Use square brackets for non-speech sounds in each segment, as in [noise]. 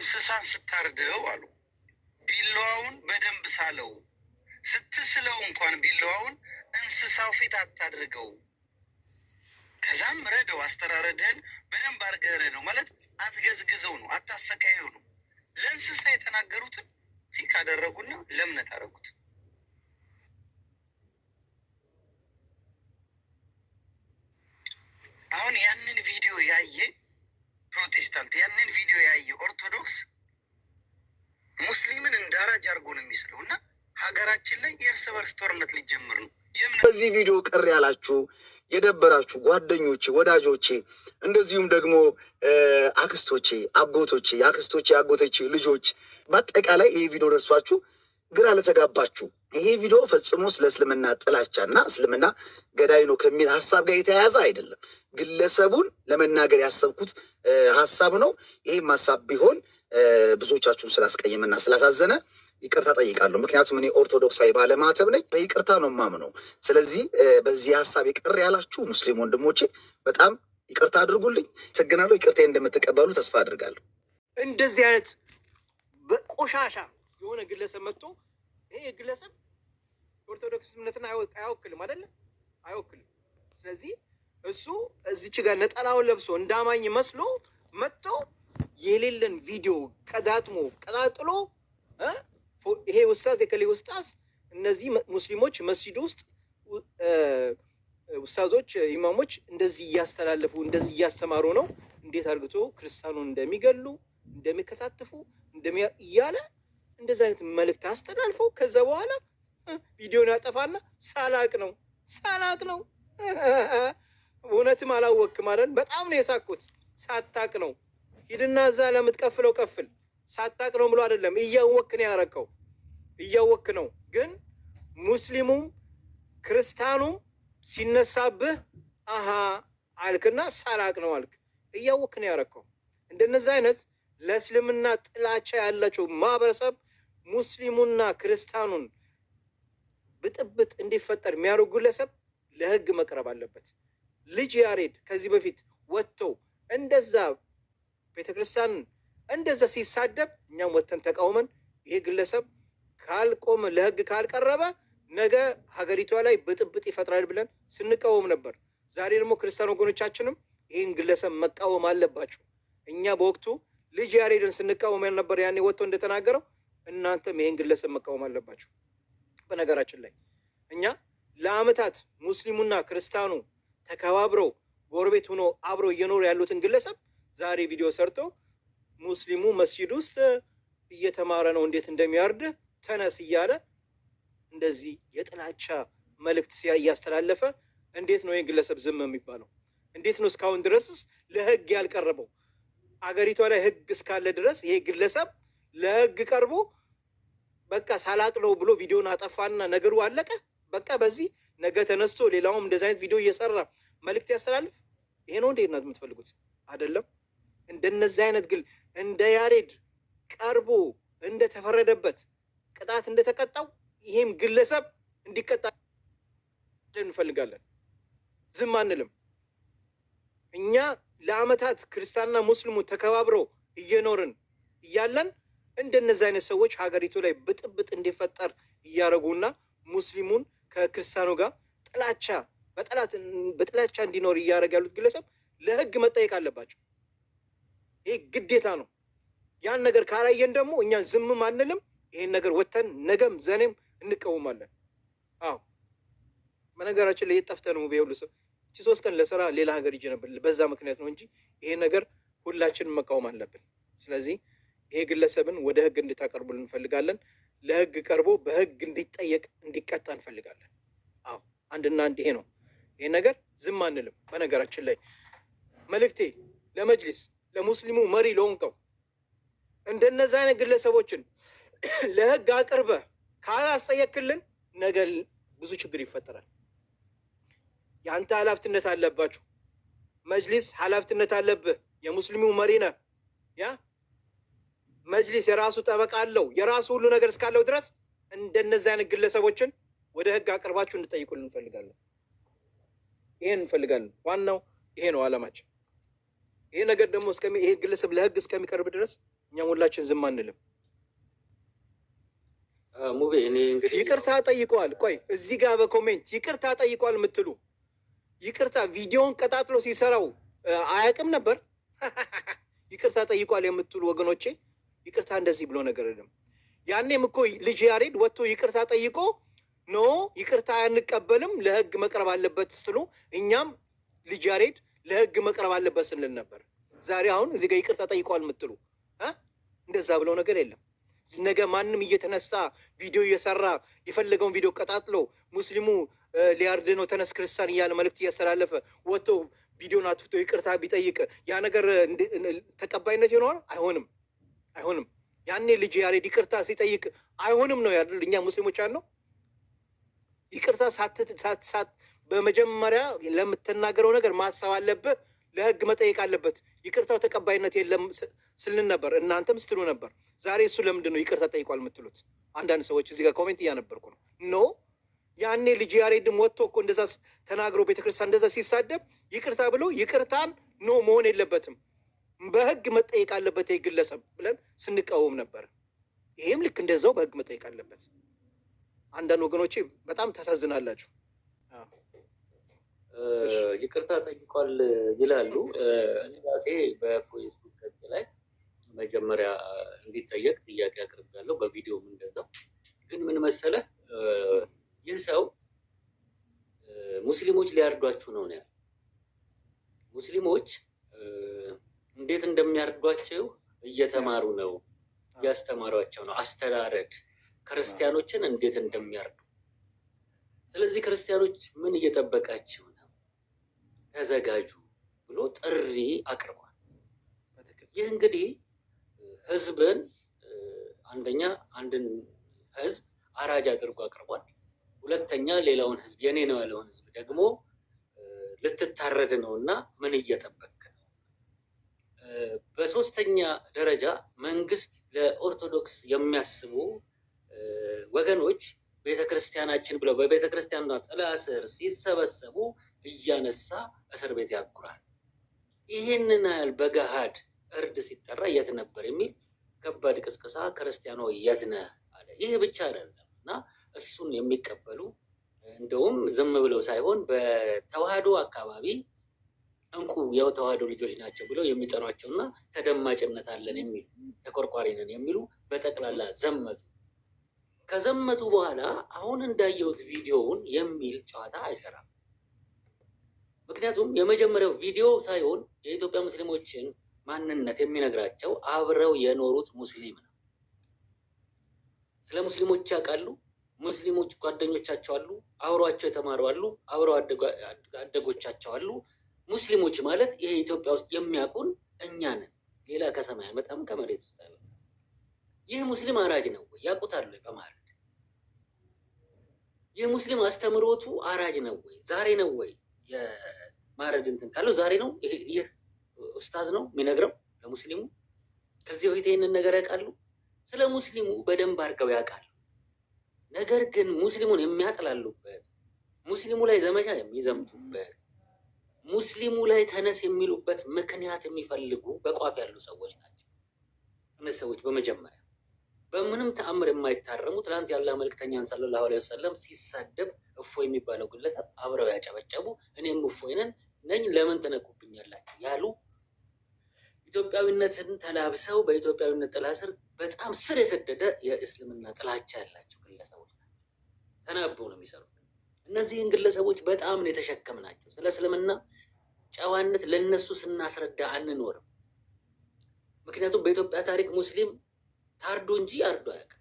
እንስሳን ስታርደው አሉ ቢላዋውን በደንብ ሳለው፣ ስትስለው እንኳን ቢላዋውን እንስሳው ፊት አታድርገው። ከዛም ረደው፣ አስተራረደን በደንብ አድርገህ ረደው ማለት አትገዝግዘው ነው፣ አታሰቃየው ነው። ለእንስሳ የተናገሩትን ፊክ አደረጉና ለእምነት አደረጉት። እርስ ጦርነት ሊጀምር ነው። በዚህ ቪዲዮ ቅር ያላችሁ የደበራችሁ ጓደኞቼ፣ ወዳጆቼ እንደዚሁም ደግሞ አክስቶቼ፣ አጎቶቼ፣ የአክስቶቼ አጎቶቼ ልጆች በአጠቃላይ ይህ ቪዲዮ ደርሷችሁ ግራ ለተጋባችሁ ይሄ ቪዲዮ ፈጽሞ ስለ እስልምና ጥላቻ እና እስልምና ገዳይ ነው ከሚል ሀሳብ ጋር የተያያዘ አይደለም። ግለሰቡን ለመናገር ያሰብኩት ሀሳብ ነው። ይህም ሀሳብ ቢሆን ብዙዎቻችሁን ስላስቀየመና ስላሳዘነ ይቅርታ ጠይቃለሁ። ምክንያቱም እኔ ኦርቶዶክሳዊ ባለማተብ ነኝ፣ በይቅርታ ነው የማምነው። ስለዚህ በዚህ ሀሳብ ይቅር ያላችሁ ሙስሊም ወንድሞቼ በጣም ይቅርታ አድርጉልኝ። አመሰግናለሁ። ይቅርታ እንደምትቀበሉ ተስፋ አድርጋለሁ። እንደዚህ አይነት በቆሻሻ የሆነ ግለሰብ መጥቶ ይሄ ግለሰብ ኦርቶዶክስ እምነትን አያወክልም አደለ? አይወክልም። ስለዚህ እሱ እዚች ጋር ነጠላውን ለብሶ እንዳማኝ መስሎ መጥቶ የሌለን ቪዲዮ ቀዳጥሞ ቀጣጥሎ ይሄ ውስጣዝ የከሌ ውስጣዝ እነዚህ ሙስሊሞች መስጂድ ውስጥ ውስታዞች፣ ኢማሞች እንደዚህ እያስተላለፉ እንደዚህ እያስተማሩ ነው። እንዴት አድርግቶ ክርስቲያኑን እንደሚገሉ እንደሚከታተፉ እያለ እንደዚህ አይነት መልእክት አስተላልፈው ከዛ በኋላ ቪዲዮን ያጠፋና ሳላቅ ነው ሳላቅ ነው [laughs] እውነትም አላወቅም ማለት በጣም ነው የሳኩት። ሳታቅ ነው ሂድና እዛ ለምትቀፍለው ቀፍል ሳታቅ ነው ብሎ አይደለም፣ እያወክ ነው ያረከው፣ እያወክ ነው። ግን ሙስሊሙም ክርስቲያኑም ሲነሳብህ አሀ አልክና ሳላቅ ነው አልክ። እያወክ ነው ያረከው። እንደነዚህ አይነት ለእስልምና ጥላቻ ያላቸው ማህበረሰብ ሙስሊሙና ክርስቲያኑን ብጥብጥ እንዲፈጠር የሚያደርጉ ግለሰብ ለህግ መቅረብ አለበት። ልጅ ያሬድ ከዚህ በፊት ወጥተው እንደዛ ቤተክርስቲያን እንደዛ ሲሳደብ እኛም ወተን ተቃውመን ይሄ ግለሰብ ካልቆመ ለህግ ካልቀረበ ነገ ሀገሪቷ ላይ ብጥብጥ ይፈጥራል ብለን ስንቃወም ነበር። ዛሬ ደግሞ ክርስቲያን ወገኖቻችንም ይህን ግለሰብ መቃወም አለባቸው። እኛ በወቅቱ ልጅ ያሬድን ስንቃወም ነበር። ያኔ ወጥቶ እንደተናገረው እናንተም ይህን ግለሰብ መቃወም አለባቸው። በነገራችን ላይ እኛ ለአመታት ሙስሊሙና ክርስቲያኑ ተከባብረው ጎረቤት ሆኖ አብረው እየኖሩ ያሉትን ግለሰብ ዛሬ ቪዲዮ ሰርተው። ሙስሊሙ መስጂድ ውስጥ እየተማረ ነው እንዴት እንደሚያርድ ተነስ እያለ እንደዚህ የጥላቻ መልእክት እያስተላለፈ እንዴት ነው ይህ ግለሰብ ዝም የሚባለው? እንዴት ነው እስካሁን ድረስስ ለህግ ያልቀረበው? አገሪቷ ላይ ህግ እስካለ ድረስ ይሄ ግለሰብ ለህግ ቀርቦ በቃ ሳላቅለው ብሎ ቪዲዮን አጠፋና ነገሩ አለቀ። በቃ በዚህ ነገ ተነስቶ ሌላውም እንደዚህ አይነት ቪዲዮ እየሰራ መልእክት ያስተላልፍ። ይሄ ነው እንዴት ነው የምትፈልጉት? አይደለም። እንደነዚህ አይነት ግል እንደ ያሬድ ቀርቦ እንደተፈረደበት ቅጣት እንደተቀጣው ይሄም ግለሰብ እንዲቀጣ እንፈልጋለን። ዝም አንልም። እኛ ለአመታት ክርስቲያንና ሙስሊሙ ተከባብረው እየኖርን እያለን እንደነዚህ አይነት ሰዎች ሀገሪቱ ላይ ብጥብጥ እንዲፈጠር እያደረጉና ሙስሊሙን ከክርስቲያኑ ጋር ጥላቻ በጥላቻ እንዲኖር እያደረግ ያሉት ግለሰብ ለህግ መጠየቅ አለባቸው። ይህ ግዴታ ነው። ያን ነገር ካላየን ደግሞ እኛ ዝምም አንልም። ይህን ነገር ወተን ነገም ዘኔም እንቃወማለን። አዎ በነገራችን ላይ የጠፍተ ነው ቤሁሉ ሰው ሶስት ቀን ለስራ ሌላ ሀገር ሄጄ ነበር። በዛ ምክንያት ነው እንጂ ይሄ ነገር ሁላችንም መቃወም አለብን። ስለዚህ ይሄ ግለሰብን ወደ ህግ እንድታቀርቡ እንፈልጋለን። ለህግ ቀርቦ በህግ እንዲጠየቅ እንዲቀጣ እንፈልጋለን። አዎ አንድና አንድ ይሄ ነው። ይሄ ነገር ዝም አንልም። በነገራችን ላይ መልእክቴ ለመጅሊስ ለሙስሊሙ መሪ ለሆንከው እንደነዚ አይነት ግለሰቦችን [clears throat] ለህግ አቅርበ ካላስጠየቅልን ነገ ብዙ ችግር ይፈጠራል። የአንተ ኃላፊነት አለባችሁ። መጅሊስ ኃላፊነት አለብህ። የሙስሊሙ መሪ ነ ያ መጅሊስ የራሱ ጠበቃ አለው። የራሱ ሁሉ ነገር እስካለው ድረስ እንደነዚህ አይነት ግለሰቦችን ወደ ህግ አቅርባችሁ እንድጠይቁልን እንፈልጋለን። ይሄን እንፈልጋለን። ዋናው ይሄ ነው አለማችን። ይሄ ነገር ደግሞ ይሄ ግለሰብ ለህግ እስከሚቀርብ ድረስ እኛም ሁላችን ዝም አንልም። ይቅርታ ጠይቀዋል። ቆይ እዚህ ጋር በኮሜንት ይቅርታ ጠይቀዋል የምትሉ ይቅርታ ቪዲዮን ቀጣጥሎ ሲሰራው አያውቅም ነበር። [laughs] ይቅርታ ጠይቋል የምትሉ ወገኖቼ ይቅርታ እንደዚህ ብሎ ነገር አይደለም። ያኔም እኮ ልጅ ያሬድ ወጥቶ ይቅርታ ጠይቆ ኖ ይቅርታ አንቀበልም ለህግ መቅረብ አለበት ስትሉ እኛም ልጅ ያሬድ ለህግ መቅረብ አለበት ስንል ነበር። ዛሬ አሁን እዚህ ጋር ይቅርታ ጠይቋል የምትሉ እንደዛ ብለው ነገር የለም። ነገ ማንም እየተነሳ ቪዲዮ እየሰራ የፈለገውን ቪዲዮ ቀጣጥሎ ሙስሊሙ ሊያርድ ነው ተነስ ክርስቲያን እያለ መልእክት እያስተላለፈ ወጥቶ ቪዲዮን አትፍቶ ይቅርታ ቢጠይቅ ያ ነገር ተቀባይነት ይኖር አይሆንም፣ አይሆንም። ያኔ ልጅ ያሬድ ይቅርታ ሲጠይቅ አይሆንም ነው ያሉ እኛ ሙስሊሞች ያልነው ይቅርታ በመጀመሪያ ለምትናገረው ነገር ማሰብ አለብህ። ለህግ መጠየቅ አለበት። ይቅርታው ተቀባይነት የለም ስልን ነበር፣ እናንተም ስትሉ ነበር። ዛሬ እሱ ለምንድን ነው ይቅርታ ጠይቋል የምትሉት? አንዳንድ ሰዎች እዚህ ጋር ኮሜንት እያነበርኩ ነው። ኖ ያኔ ልጅ ያሬድም ወጥቶ እኮ እንደዛ ተናግሮ ቤተክርስቲያን እንደዛ ሲሳደብ ይቅርታ ብሎ ይቅርታን ኖ መሆን የለበትም በህግ መጠየቅ አለበት የግለሰብ ግለሰብ ብለን ስንቃወም ነበር። ይህም ልክ እንደዛው በህግ መጠየቅ አለበት። አንዳንድ ወገኖቼ በጣም ታሳዝናላችሁ። ይቅርታ ጠይቋል ይላሉ። እኔ ራሴ በፌስቡክ ገጽ ላይ መጀመሪያ እንዲጠየቅ ጥያቄ አቅርቤያለሁ። በቪዲዮ ምንገዛው ግን ምን መሰለህ ይህ ሰው ሙስሊሞች ሊያርዷችሁ ነው ያ ሙስሊሞች እንዴት እንደሚያርዷቸው እየተማሩ ነው፣ እያስተማሯቸው ነው። አስተዳረድ ክርስቲያኖችን እንዴት እንደሚያርዱ። ስለዚህ ክርስቲያኖች ምን እየጠበቃችሁ ተዘጋጁ ብሎ ጥሪ አቅርቧል። ይህ እንግዲህ ህዝብን አንደኛ አንድን ህዝብ አራጅ አድርጎ አቅርቧል። ሁለተኛ ሌላውን ህዝብ የኔ ነው ያለውን ህዝብ ደግሞ ልትታረድ ነው እና ምን እየጠበክ ነው? በሶስተኛ ደረጃ መንግስት ለኦርቶዶክስ የሚያስቡ ወገኖች ቤተክርስቲያናችን ብለው በቤተክርስቲያንና ጥላ ስር ሲሰበሰቡ እያነሳ እስር ቤት ያጉራል። ይህንን ያህል በገሃድ እርድ ሲጠራ የት ነበር የሚል ከባድ ቅስቅሳ ክርስቲያኖ የት ነህ አለ። ይህ ብቻ አይደለም እና እሱን የሚቀበሉ እንደውም ዝም ብለው ሳይሆን በተዋህዶ አካባቢ እንቁ ያው ተዋህዶ ልጆች ናቸው ብለው የሚጠሯቸውና ተደማጭነት አለን የሚሉ ተቆርቋሪ ነን የሚሉ በጠቅላላ ዘመቱ። ከዘመቱ በኋላ አሁን እንዳየሁት ቪዲዮውን የሚል ጨዋታ አይሰራም። ምክንያቱም የመጀመሪያው ቪዲዮ ሳይሆን የኢትዮጵያ ሙስሊሞችን ማንነት የሚነግራቸው አብረው የኖሩት ሙስሊም ነው። ስለ ሙስሊሞች ያውቃሉ። ሙስሊሞች ጓደኞቻቸው አሉ፣ አብረዋቸው የተማሩ አሉ፣ አብረው አደጎቻቸው አሉ። ሙስሊሞች ማለት ይሄ ኢትዮጵያ ውስጥ የሚያውቁን እኛ ነን። ሌላ ከሰማይ መጣም ከመሬት ውስጥ ይህ ሙስሊም አራጅ ነው ያውቁታሉ በማለት የሙስሊም አስተምሮቱ አራጅ ነው ወይ? ዛሬ ነው ወይ የማረድ እንትን ካለው ዛሬ ነው። ይህ ኡስታዝ ነው የሚነግረው ለሙስሊሙ። ከዚህ በፊት ይህንን ነገር ያውቃሉ፣ ስለ ሙስሊሙ በደንብ አድርገው ያውቃሉ። ነገር ግን ሙስሊሙን የሚያጥላሉበት፣ ሙስሊሙ ላይ ዘመቻ የሚዘምቱበት፣ ሙስሊሙ ላይ ተነስ የሚሉበት ምክንያት የሚፈልጉ በቋፍ ያሉ ሰዎች ናቸው እነዚህ ሰዎች በመጀመሪያ በምንም ተአምር የማይታረሙ ትናንት ያለ መልክተኛን ሰለላሁ ዐለይሂ ወሰለም ሲሳደብ እፎ የሚባለው ግለሰብ አብረው ያጨበጨቡ እኔም እፎይ ነን ነኝ ለምን ትነኩብኛላችሁ ያሉ ኢትዮጵያዊነትን ተላብሰው በኢትዮጵያዊነት ጥላ ስር በጣም ስር የሰደደ የእስልምና ጥላቻ ያላቸው ግለሰቦች ናቸው። ተናበው ነው የሚሰሩት። እነዚህን ግለሰቦች በጣም ነው የተሸከምናቸው። ስለ እስልምና ጨዋነት ለእነሱ ስናስረዳ አንኖርም። ምክንያቱም በኢትዮጵያ ታሪክ ሙስሊም ታርዶ እንጂ አርዶ ያውቃል።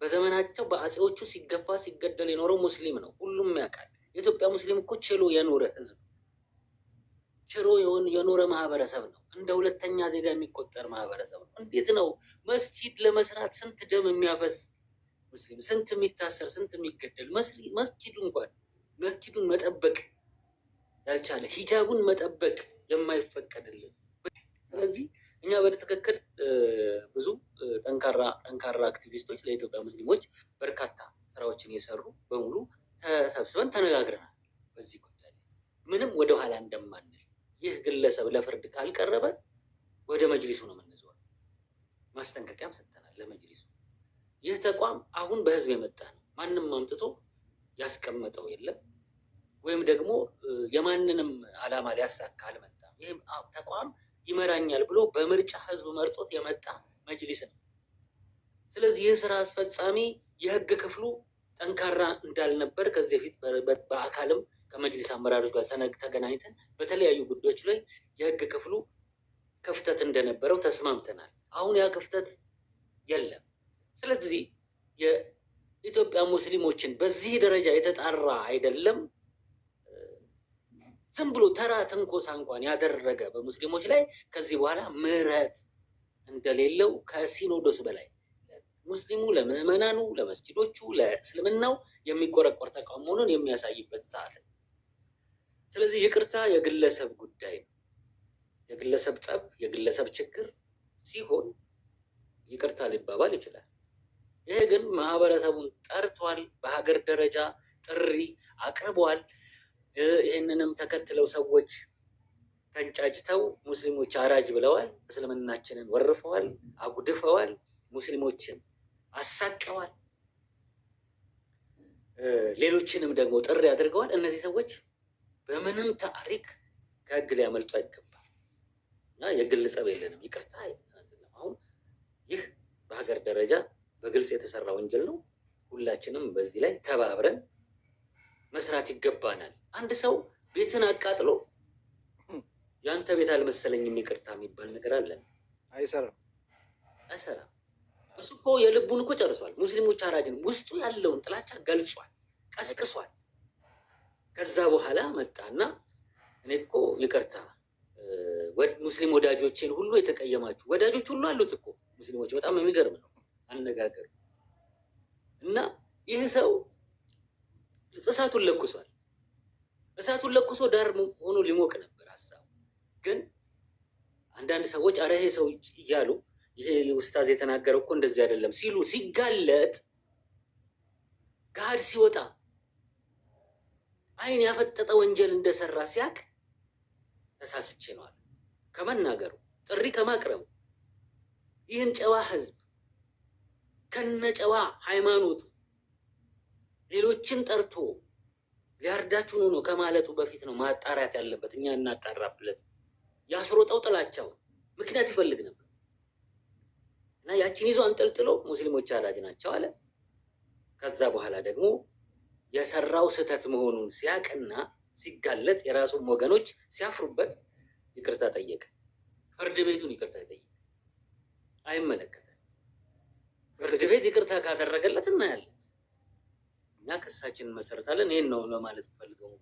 በዘመናቸው በአጼዎቹ ሲገፋ ሲገደል የኖረው ሙስሊም ነው። ሁሉም ያውቃል። የኢትዮጵያ ሙስሊም እኮ ችሎ የኖረ ህዝብ ችሎ የኖረ ማህበረሰብ ነው። እንደ ሁለተኛ ዜጋ የሚቆጠር ማህበረሰብ ነው። እንዴት ነው መስጂድ ለመስራት ስንት ደም የሚያፈስ ሙስሊም፣ ስንት የሚታሰር፣ ስንት የሚገደል መስጂዱ እንኳን መስጂዱን መጠበቅ ያልቻለ ሂጃቡን መጠበቅ የማይፈቀድለት ስለዚህ እኛ በትክክል ብዙ ጠንካራ ጠንካራ አክቲቪስቶች ለኢትዮጵያ ሙስሊሞች በርካታ ስራዎችን የሰሩ በሙሉ ተሰብስበን ተነጋግረናል። በዚህ ጉዳይ ምንም ወደኋላ እንደማንል ይህ ግለሰብ ለፍርድ ካልቀረበ ወደ መጅሊሱ ነው የምንዘዋል። ማስጠንቀቂያም ሰጥተናል ለመጅሊሱ። ይህ ተቋም አሁን በህዝብ የመጣ ነው። ማንም አምጥቶ ያስቀመጠው የለም ወይም ደግሞ የማንንም አላማ ሊያሳካ አልመጣም። ይህ ተቋም ይመራኛል ብሎ በምርጫ ህዝብ መርጦት የመጣ መጅሊስ ነው። ስለዚህ ይህ ስራ አስፈጻሚ የህግ ክፍሉ ጠንካራ እንዳልነበር ከዚህ በፊት በአካልም ከመጅሊስ አመራሮች ጋር ተገናኝተን በተለያዩ ጉዳዮች ላይ የህግ ክፍሉ ክፍተት እንደነበረው ተስማምተናል። አሁን ያ ክፍተት የለም። ስለዚህ የኢትዮጵያ ሙስሊሞችን በዚህ ደረጃ የተጣራ አይደለም ዝም ብሎ ተራ ትንኮሳ እንኳን ያደረገ በሙስሊሞች ላይ ከዚህ በኋላ ምሕረት እንደሌለው ከሲኖዶስ በላይ ሙስሊሙ ለምዕመናኑ፣ ለመስጂዶቹ፣ ለእስልምናው የሚቆረቆር ተቃውሞ መሆኑን የሚያሳይበት ሰዓት ነው። ስለዚህ ይቅርታ የግለሰብ ጉዳይ ነው። የግለሰብ ጠብ፣ የግለሰብ ችግር ሲሆን ይቅርታ ሊባባል ይችላል። ይሄ ግን ማህበረሰቡን ጠርቷል። በሀገር ደረጃ ጥሪ አቅርቧል። ይህንንም ተከትለው ሰዎች ተንጫጭተው ሙስሊሞች አራጅ ብለዋል። እስልምናችንን ወርፈዋል፣ አጉድፈዋል፣ ሙስሊሞችን አሳቀዋል። ሌሎችንም ደግሞ ጥሪ አድርገዋል። እነዚህ ሰዎች በምንም ታሪክ ከህግ ሊያመልጡ አይገባል እና የግል ጸብ የለንም። ይቅርታ አሁን ይህ በሀገር ደረጃ በግልጽ የተሰራ ወንጀል ነው። ሁላችንም በዚህ ላይ ተባብረን መስራት ይገባናል። አንድ ሰው ቤትን አቃጥሎ ያንተ ቤት አልመሰለኝም ይቅርታ የሚባል ነገር አለን? አይሰራም፣ አይሰራም። እሱ እኮ የልቡን እኮ ጨርሷል። ሙስሊሞች አራጅን ውስጡ ያለውን ጥላቻ ገልጿል፣ ቀስቅሷል። ከዛ በኋላ መጣና እኔ እኮ ይቅርታ ሙስሊም ወዳጆቼን ሁሉ የተቀየማችሁ ወዳጆች ሁሉ አሉት እኮ ሙስሊሞች። በጣም የሚገርም ነው አነጋገር እና ይህ ሰው እሳቱን ለኩሷል። እሳቱን ለኩሶ ዳር ሆኖ ሊሞቅ ነበር ሀሳቡ። ግን አንዳንድ ሰዎች አረ ይሄ ሰው እያሉ ይሄ ውስታዝ የተናገረው እኮ እንደዚህ አይደለም ሲሉ ሲጋለጥ ጋድ ሲወጣ አይን ያፈጠጠ ወንጀል እንደሰራ ሲያቅ ተሳስቼ ነዋል ከመናገሩ ጥሪ ከማቅረቡ ይህን ጨዋ ህዝብ ከነ ጨዋ ሃይማኖቱ ሌሎችን ጠርቶ ሊያርዳችሁ ነው ከማለቱ በፊት ነው ማጣራት ያለበት። እኛ እናጣራብለት። ያስሮጠው ጥላቻው ምክንያት ይፈልግ ነበር እና ያችን ይዞ አንጠልጥሎ ሙስሊሞች አራጅ ናቸው አለ። ከዛ በኋላ ደግሞ የሰራው ስህተት መሆኑን ሲያቅና ሲጋለጥ የራሱን ወገኖች ሲያፍሩበት ይቅርታ ጠየቀ። ፍርድ ቤቱን ይቅርታ ጠየቀ። አይመለከተ ፍርድ ቤት ይቅርታ ካደረገለት እናያለን። እኛ ክሳችንን መሰረታለን። ይህን ነው ለማለት ፈልገው።